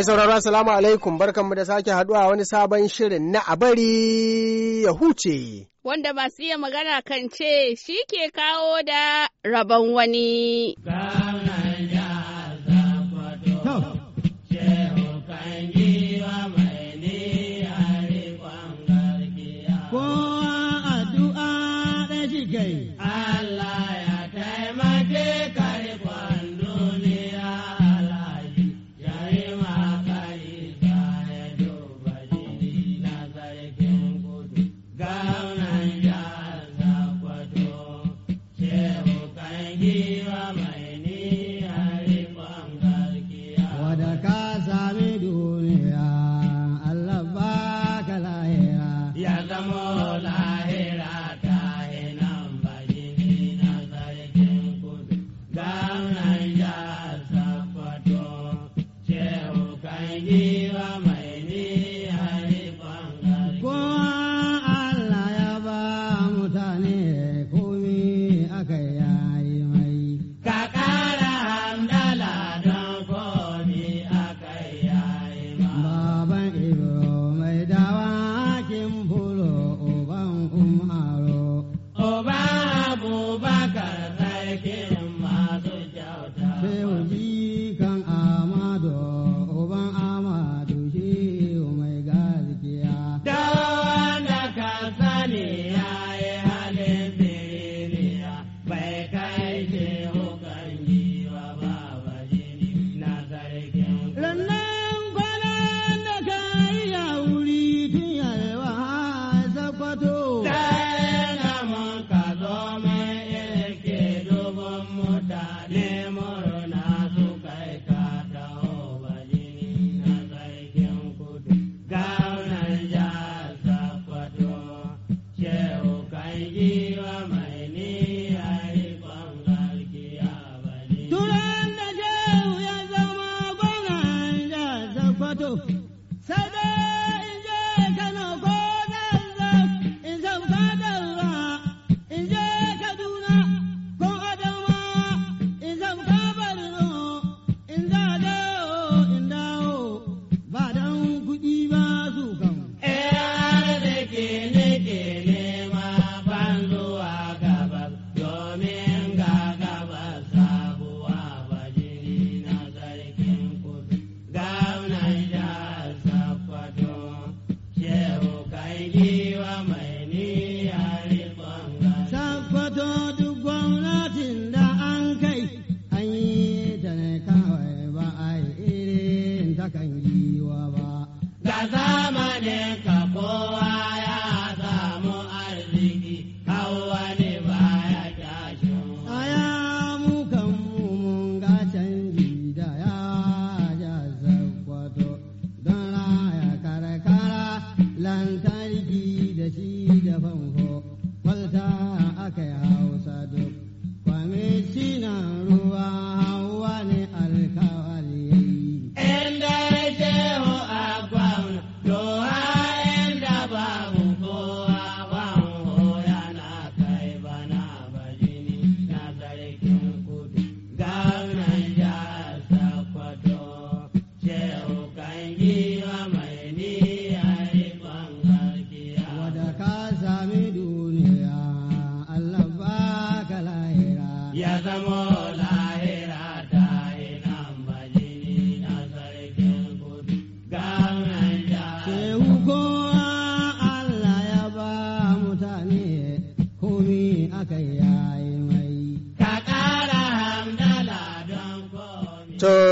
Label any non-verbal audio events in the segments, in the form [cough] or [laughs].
Mai sauraro Assalamu alaikum barkanmu da sake haduwa wani sabon shirin na abari ya huce. Wanda masu iya magana kan ce shi ke kawo da rabon wani.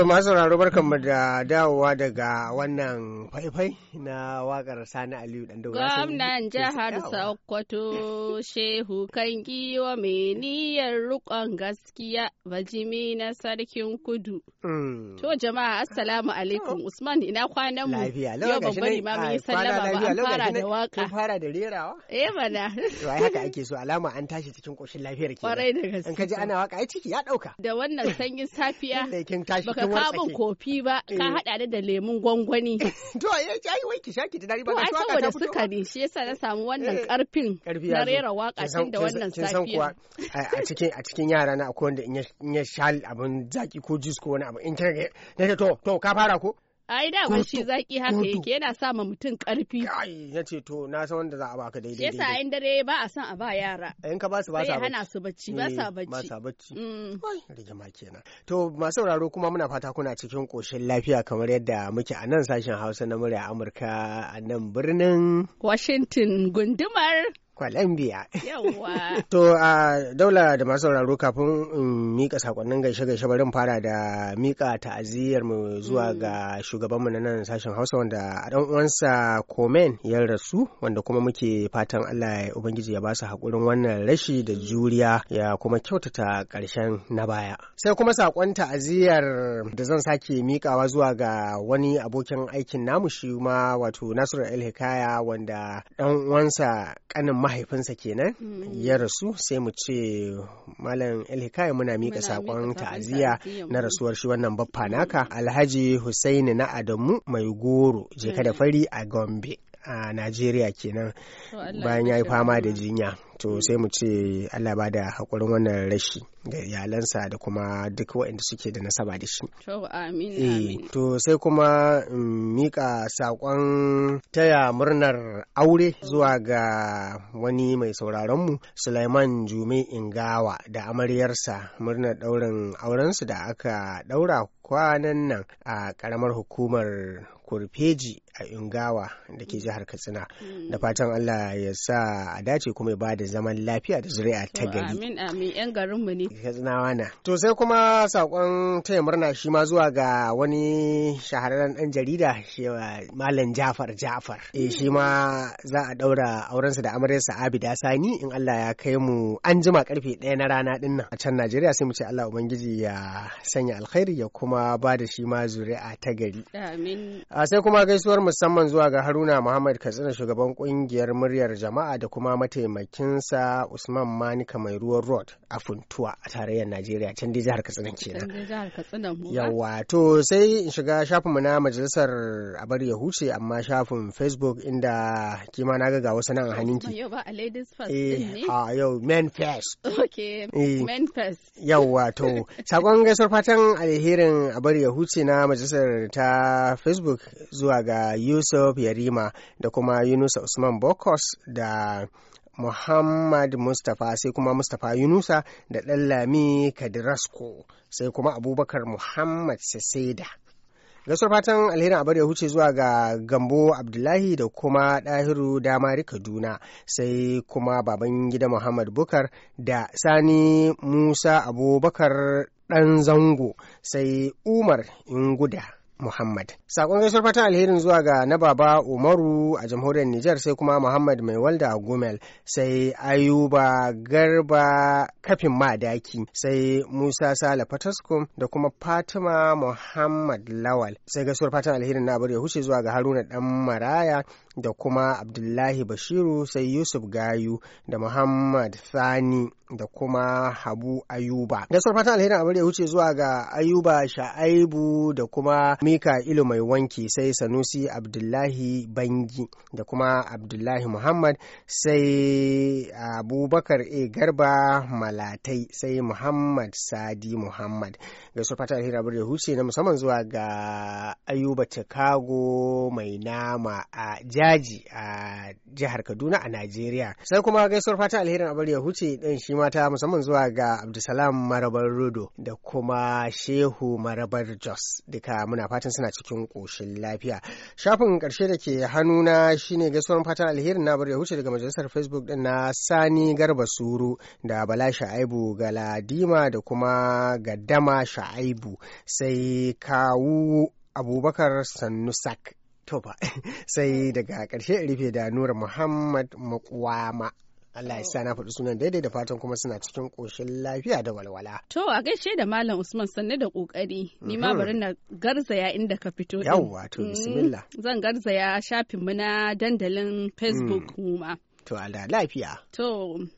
masu sauraro mu da dawowa daga wannan faifai na wakar Sani Aliyu dan Daura. Gwamnan jihar Sokoto Shehu kan giwa mai niyyar rukon gaskiya bajimi na sarkin kudu. Hmm. To jama'a assalamu alaikum Usman ina kwanan mu. Lafiya lawa ga ma mun yi sallama ba an fara da waka. an fara da rerawa? Eh bana To ai haka ake so alama an tashi cikin koshin lafiyar ke. Kwarai da gaske. An kaji ana waka ai ciki ya dauka. Da wannan sanyin safiya. baka sabon kofi ba ka eh. hada da lemun gwangwani [laughs] to ya eh, ai wai ki shaki tunani ba to saboda suka ne shi yasa na eh. samu wannan karfin na rera waka tun da wannan safiya a cikin a cikin yara na akwai wanda in ya shal abun zaki ko jus ko wani abu in kira ne to to ka fara ko ai da ba shi zaki haka yake yana sa ma mutum karfi ai ya ce to na san wanda za a baka daidai yasa in dare ba a san a ba yara eh, in ka ba su ba sa hana su bacci ba eh, sa bacci ba mm. sa bacci rigima kenan to masu sauraro kuma muna fata kuna cikin koshin lafiya kamar yadda muke a nan sashen Hausa na murya Amurka a nan birnin Washington gundumar Colombia. [laughs] to a daula da masu sauraro kafin in mika sakonnin gaishe-gaishe bari fara da mika ta'aziyyar mu zuwa mm. ga shugabanmu na nan sashen Hausa wanda a dan uwansa Komen ya rasu wanda kuma muke fatan Allah ya ubangiji ya ba su hakurin wannan rashi da juriya ya kuma kyautata karshen na baya. Sai kuma sakon ta'aziyyar da zan sake mikawa zuwa ga wani abokin aikin namu shi ma wato Nasiru El Hikaya wanda dan uwansa kanin mahaifinsa kenan mm. ya rasu sai mu ce malam ilhikai muna mika sakon ta'aziyya na rasuwar shi wannan baffa naka alhaji Hussaini na adamu mai goro je da mm. fari a gombe a najeriya kenan bayan ya yi fama da jinya to sai mu ce allah ba da haƙurin wannan rashi ga iyalansa da kuma duk waɗanda suke da nasaba da shi to eh, sai kuma mm, mika saƙon taya murnar aure zuwa ga wani mai sauraronmu Sulaiman Jume Ingawa da amaryarsa murnar ɗaurin aurensu da aka ɗaura kwanan nan a ƙaramar hukumar kurfeji a Ingawa da ke mm. jihar Katsina. Mm. Da fatan Allah ya sa a dace kuma ya ba zaman lafiya da zuri'a ta gari. Amin amin yan garinmu ne. Katsinawa na. To sai kuma sakon taya murna shi ma zuwa ga wani shahararren ɗan jarida shewa Malam Jafar Jafar. E shi ma za a daura aurensa da amaryarsa Abida Sani in Allah ya kai mu an jima karfe ɗaya na rana din nan a can Najeriya sai mu ce Allah ubangiji ya sanya alkhairi ya kuma ba da shi ma zuri'a ta gari. Amin. Ah, sai kuma gaisuwar mu musamman zuwa ga Haruna Muhammad Katsina shugaban kungiyar muryar jama'a da kuma mataimakinsa Usman Manika mai ruwan Rod a Funtuwa a tarayyar Najeriya can dai jihar Katsina kenan. Yawa to sai in shiga shafin mu na majalisar abar ya huce amma shafin Facebook inda kima na ga wasu nan a hannunki. Yau ba a ladies first eh, ne? A ah, yau men first. Okay eh. men first. Yawa to sakon gaisar fatan alherin abar ya huce na majalisar ta Facebook zuwa ga yusuf yarima da kuma yunusa usman bokos da Muhammad Mustapha sai kuma Mustapha Yunusa da Lami Kadirasko sai kuma Abubakar Muhammad Saseda. Gasar fatan alherin abar ya huce zuwa ga Gambo Abdullahi da kuma Ɗahiru Damari Kaduna sai kuma baban gida Muhammad Bukar da Sani Musa Abubakar ɗan zango sai Umar Inguda. Muhammad. Sakon gaisuwar fatan alherin zuwa ga na baba Umaru a jamhuriyar Nijar sai kuma Muhammad Mai Walda Gumel sai Ayuba Garba Kafin Madaki sai Musa Sale Fataskum da kuma Fatima Muhammad Lawal. Sai gaisuwar fatan alherin na bari ya huce zuwa ga Haruna Dan Maraya da kuma Abdullahi Bashiru sai Yusuf Gayu da Muhammad Sani da kuma Habu Ayuba. Da sauran fatan alherin amarya wuce zuwa ga Ayuba Sha'aibu da kuma Mika Ilu mai wanki sai Sanusi Abdullahi Bangi da kuma Abdullahi Muhammad sai Abubakar e Garba Malatai sai Muhammad Sadi Muhammad. Da sauran fatan alherin amarya ya wuce na musamman zuwa ga Ayuba Chicago mai nama a jihar daji a jihar Kaduna a Najeriya. Sai kuma gaisuwar fata alherin abar ya huce din shi mata musamman zuwa ga Abdulsalam Marabar Rudo da kuma Shehu Marabar Jos duka muna fatan suna cikin koshin lafiya. Shafin karshe da ke hannuna shine gaisuwar fata alherin na ya huce daga majalisar Facebook din na Sani Garba Suru da Bala Sha'aibu Galadima da kuma Gadama Sha'aibu sai kawu Abubakar Sannusak to [laughs] sai daga ƙarshe rufe da nura muhammad makwama Allah ya sa na faɗi sunan daidai da fatan kuma suna cikin ƙoshin lafiya da walwala. To a gaishe da Malam Usman sanne da ƙoƙari. Ni ma bari mhm. na garzaya inda ka fito. din. Yawwa to mhm. bismillah. Zan garzaya shafin mu na dandalin mm. Facebook mu ma. To Allah lafiya. To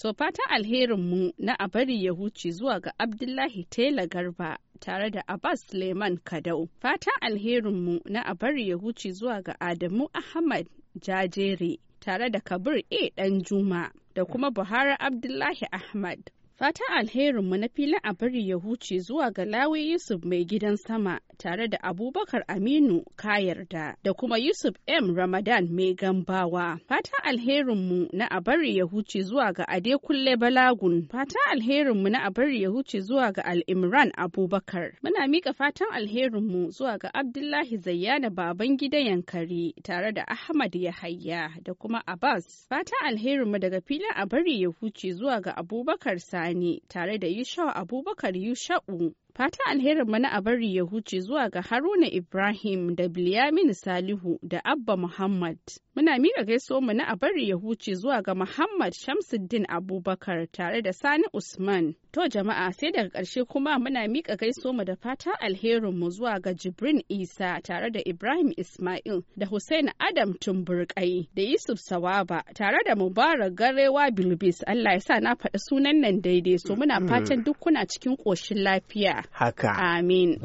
So fatan alherinmu na a bari ya huce zuwa ga Abdullahi Tela Garba tare da Abbas Suleiman Kadau. Fatan alherinmu na a bari ya huce zuwa ga Adamu Ahmad Jajere tare da Kabir A. juma da kuma Buhari Abdullahi Ahmad. Fatan alherinmu na filin a bari ya huce zuwa ga Lawi Yusuf mai gidan sama tare da Abubakar Aminu Kayarda da kuma Yusuf M. Ramadan mai gambawa. Fatan alherinmu na a bari ya huce zuwa ga Adekulle Balagun. Fatan alherinmu na a bari ya huce zuwa ga Al'imran Abubakar. Muna mika fatan alherinmu zuwa ga Abdullahi Zayyana baban gidan Yankari tare da Ahmad Yahaya da kuma Abbas. Fatan alherinmu daga filin a bari ya huce zuwa ga Abubakar Sani. Sani tare da Yushau Abubakar Yushau. Fata alherin mana a bari ya huce zuwa ga Haruna Ibrahim da Bilyamin Salihu da Abba Muhammad. Muna miƙa gaisuwar mu na a bari ya huce zuwa ga Muhammad Shamsuddin Abubakar tare da Sani Usman To jama'a sai daga ƙarshe kuma muna miƙa gaiso mu da fata alherinmu zuwa ga Jibrin Isa tare da Ibrahim Ismail da Hussein Adam Tumburkai da Yusuf Sawaba tare da Mubarak Garewa Bilbis Allah ya sa na faɗi sunan nan daidai so muna mm. fatan duk kuna cikin ƙoshin lafiya. Haka. Amin.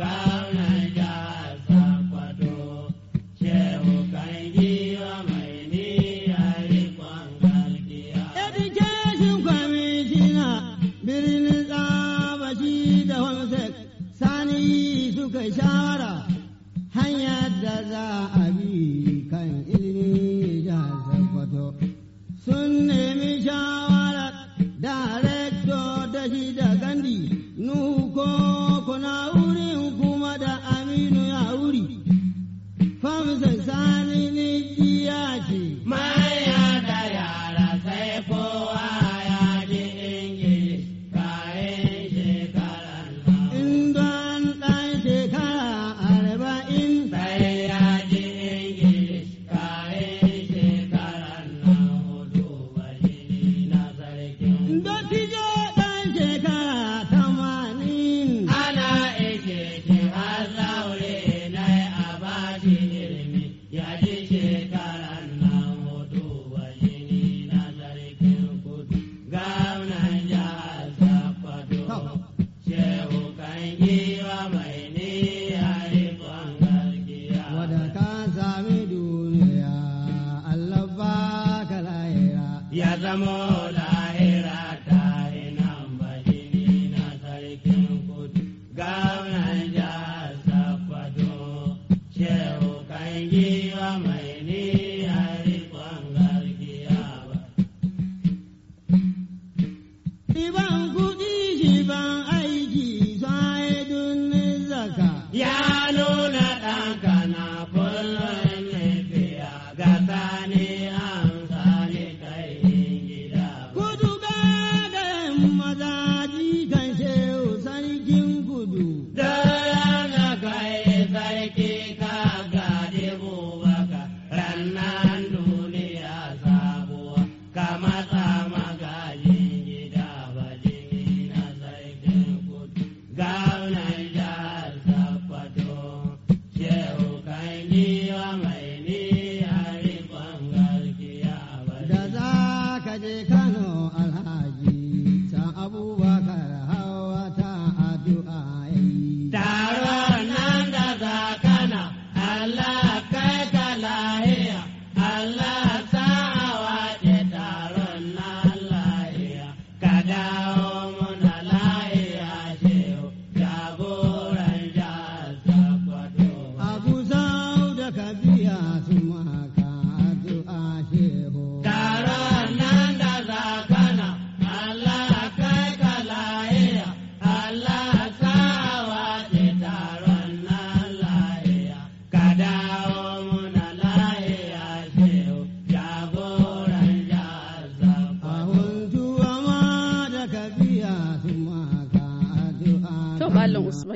wuri nuko kuna wurin kuma da aminu ya wuri famsa sani ni diya ce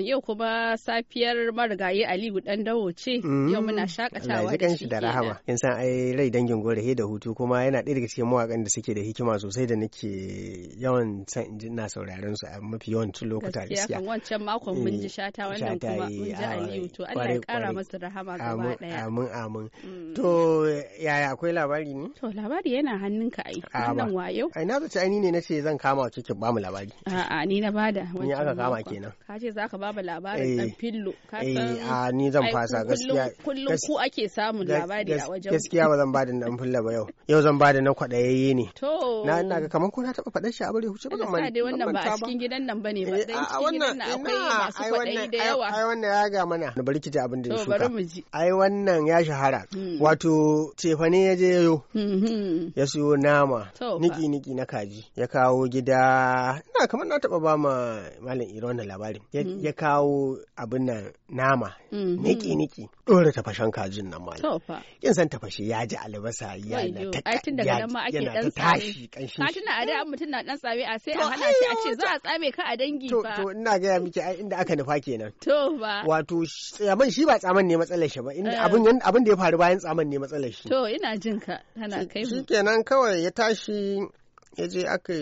yau kuma safiyar marigayi Aliyu ɗan dawo ce mm. yau muna shakatawa da shi da rahama in san ai rai dangin gore da hutu kuma yana ɗaya daga cikin mawaƙan da suke da hikima sosai da nake yawan san in ji na sauraron su a mafi yawan tun lokuta gaskiya wancan makon mun ji eh, shata wannan kuma mun ji Aliyu to Allah ya kara masa rahama gaba ɗaya. amin amin mm. to yaya akwai labari ne to labari yana hannunka ai wannan wayo ai na zaci ai ne nace zan kama ki ba mu labari a'a ni na bada ni aka kama kenan ka ce za ka ba saba labarin dan eh, fillo ka eh, san a ni zan fasa gaskiya kullum ku ake samun labari a wajen gaskiya ba zan bada dan fillo ba yau yau zan bada na kwadayayye ne to na ina ga kamar ko na taba faɗar shi a bare huce ba amma dai wannan ba a cikin gidan nan bane ba dan eh, a wannan akwai masu kwadayi da yawa ai wannan ya ga mana na bari kiji abin da ya shuka ai wannan ya shahara hmm. wato cefane ya je yo hmm, hmm. ya siyo nama niki niki na kaji ya kawo gida na kamar na taba ba ma malam Irona labarin ya ka. kawo abin nan nama mm-hmm. niki niki dora tafashen kajin nan ma In san tafashe ya ji albasa ya na ta ai tun daga nan ma ake dan tashi kanshi ka tuna a da mutum na dan tsabe a sai a hana shi a ce za a tsame ka a dangi fa to ina ga ya miki ai inda aka nufa kenan to ba wato tsaman shi ba tsaman ne matsalar shi ba inda eh. abin abin da ya faru bayan tsaman ne matsalar shi to ina jin ka kana kai kenan kawai ya tashi ya je aka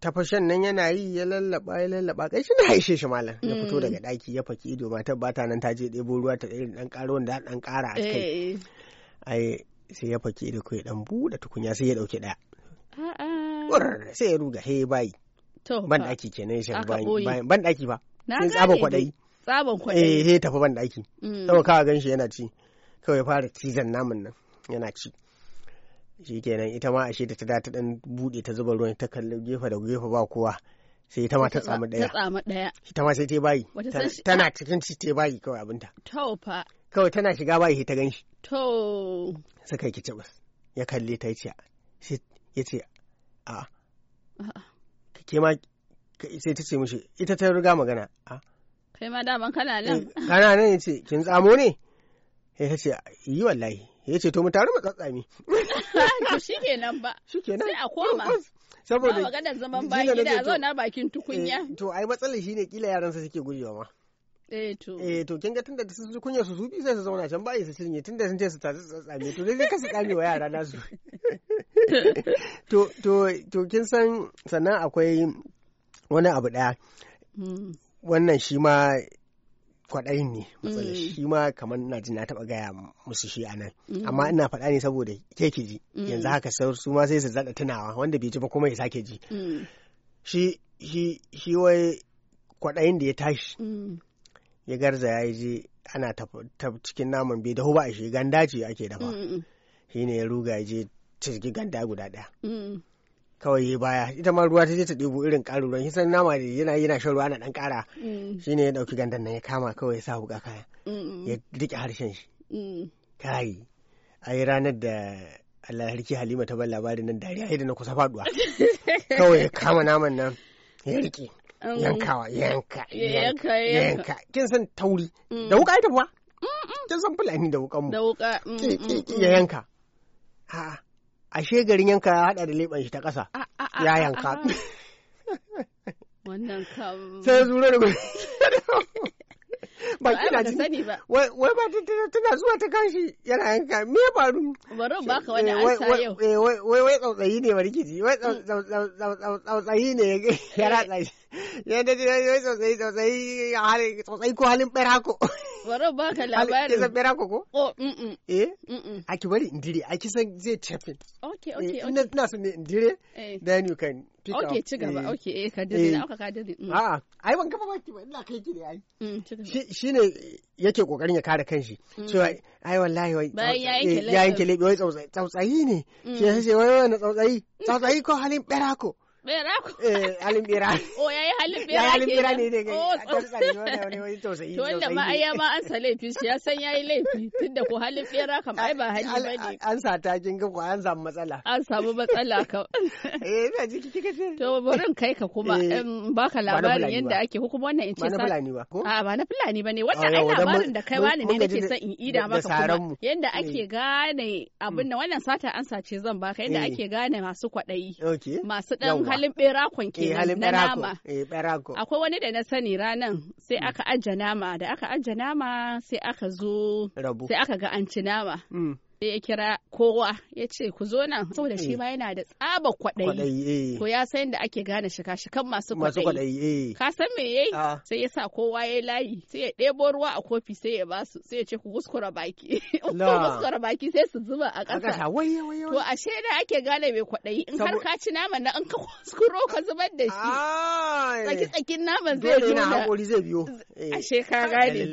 tafashen nan yana yi ya lallaba ya lallaba kai shi na haishe shi malam ya fito mm. daga daki ya faki ido matar ba nan ta je ɗebo ruwa ta irin dan ƙara wanda dan ƙara a kai eh. ai sai ya faki ido kai dan buɗe tukunya sai ya dauki daya sai ya ruga he bayi ban daki kenan shi bayan ban daki ba sai tsaba kwadai tsaban kwadai eh he tafi ban daki mm. saboda kawa ganshi yana ci kawai fara cizan namun nan yana ci kenan ita ma ashe da ta da ta dan bude ta zuba ruwan ta kalli gefe da gefe ba kowa sai ita ma ta tsamu daya ta tsamu daya ita ma sai ta bayi tana cikin ci ta bayi kawai abinta to fa kawai tana shiga bayi ta ganshi to suka yi kici bas ya kalle ta yace sai yace a ke ma sai ta ce mishi ita ta riga magana a kai ma daman kana nan eh, kana nan yace kin tsamo ne sai ta ce yi wallahi ya ce to mu tare mu tsatsami [laughs] [laughs] to shikenan ba sai a koma saboda maganar zaman bayan gida zauna bakin tukunya eh, to ai matsalar shine kila yaran sa suke gujewa ma Eh to. Eh to kin ga tunda sun ji kunya su zubi sai su zauna can bayi su cinye tunda sun ce su tatsi tsame to dai ka su tsame wa yara nasu. [laughs] To to to kin san sannan akwai wani abu daya. Hmm. Wannan shi ma kwaɗayin ne matsala mm. shi ma kamar na ji na taɓa gaya musu shi a nan mm. amma ina faɗa ne saboda ke ke ji mm. yanzu haka su ma sai su zaɗa tunawa wanda bai ji ba kuma ya sake ji shi wai kwaɗayin da ya tashi ya garza ya je ana ta cikin naman bai dahu ba a shi ganda ce ake dafa shi ne ya ruga ya je cizgi ganda guda ɗaya kawai ya baya ita ma ruwa ta je ta ɗebo irin ƙarin shi san nama da yana yana shan ruwa na ɗan ƙara mm. Shi ne ya ɗauki gandan nan ya kama kawai ya sa wuƙa kaya ya riƙe harshen shi mm. kai a yi ranar da Allah harki Halima ta bar labarin nan dariya da na kusa faɗuwa, [laughs] kawai ya kama naman nan ya riƙe yankawa yanka yanka yanka kin san tauri mm. da wuƙa ita kuwa kin san fulani da wuƙan mu da wuƙa ya yanka a'a ashe garin yanka ya haɗa da leban shi ta ƙasa ya yanka wannan kam sai zuro da ba kina ji wai ba tana zuwa ta kashi yana yanka me faru bari ba ka wani ansa yau wai wai tsautsayi ne rikici wai tsautsayi ne ya ratsa shi yadda da yadda sosai sosai hali sosai ko halin berako wara ba ka labarin kisan berako ko oh mm, mm eh mm a ki bari indire a san zai tafin okay okay ina ina so ne indire then you can pick up okay ci gaba eh. eh, okay eh ka dade na ka dade a a ai ban gaba baki ba ina kai ki ne ai shi ne yake kokarin ya kare kanshi cewa ai wallahi wai ya yanke lebe wai tsautsayi ne shi ya ce wai wai na tsautsayi tsautsayi ko halin berako bera halin bera o yayi halin bera ne dai a kan tsari wani tausayi to wanda ma ai ma an sa laifi shi ya san yayi laifi tunda ko halin kam ai ba hali bane an sa ta kin ga ko an samu matsala an samu matsala kam eh ina jiki kika ce to barin kai ka kuma baka labarin yadda ake ko kuma wannan in ce sa ba na fulani ba ko a ba na fulani bane wannan ai labarin da kai wani ne nake son in ida maka kuma yadda ake gane abin nan wannan sata an sace zan baka yadda ake gane masu kwaɗayi masu dan halin berakon eh, ke nama eh, akwai wani da na sani ranan sai mm. aka ajiye nama da aka ajiye nama sai aka zo sai aka ga an ci nama mm. ya kira kowa ya ce ku zo nan saboda shi eh. ma yana da tsaba kwaɗayi eh. to ya san da ake gane shika shikan masu kwaɗayi eh. ka san me yayi ah. sai ya sa kowa ya layi sai ya ɗebo ruwa a kofi sai ya basu sai ya ce ku kuskura baki [laughs] kuskura baki sai su zuba a ƙasa to ashe da ake gane mai kwaɗayi in har ka ci naman na in ka kuskuro ka zubar da shi tsaki tsakin naman zai zo na, hakuri zai biyo ashe ka gane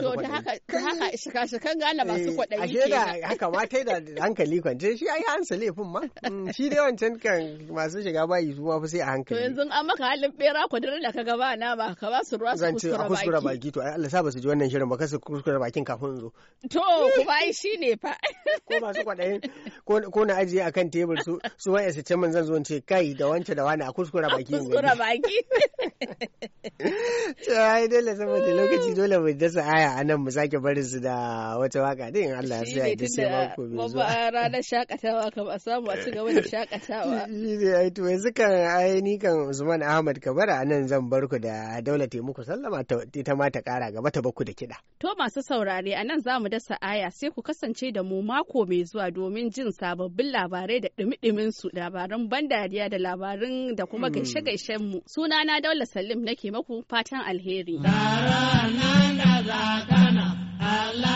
to da haka shika shikan gane masu kwaɗayi haka ma ta da hankali kwance shi ai an sa laifin ma mm, shi dai wancan kan masu shiga bayi su ma sai a hankali to yanzu an maka halin bera ku da ka gaba na ba ka ba su ruwa su kuskura baki kuskura baki to ai Allah sa ba su ji wannan shirin ba ka su kuskura bakin kafin zo to ku bai shi ne fa [laughs] ko masu kwadayin ko na ajiye akan tebur su su waye su ce mun zan zo ce kai da wancan da wani a kuskura baki kuskura baki [laughs] to ai dole saboda lokaci dole mu dasa aya anan mu sake barin su da wata waka din Allah ya sa ai tunda babba ranar shakatawa a samu a ci da shakatawa [laughs] to yanzu kan ni kan Usman Ahmad Kabara nan zan bar ku da daula muku sallama ita ma ta kara gaba ta baku da kiɗa to masu saurare anan za mu dasa aya sai ku kasance da mu mako mai zuwa domin jin sababbin labarai da dumi su labaran ban dariya da labarin da kuma hmm. gaishe-gaishen mu sunana Daula Salim nake maku fatan alheri Allah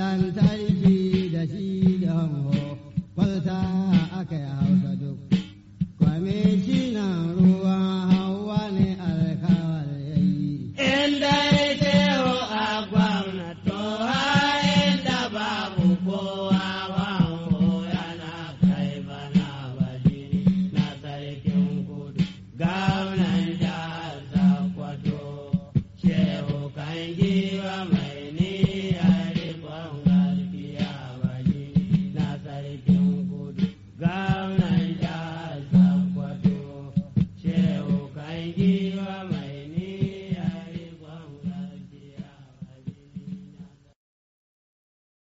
难在。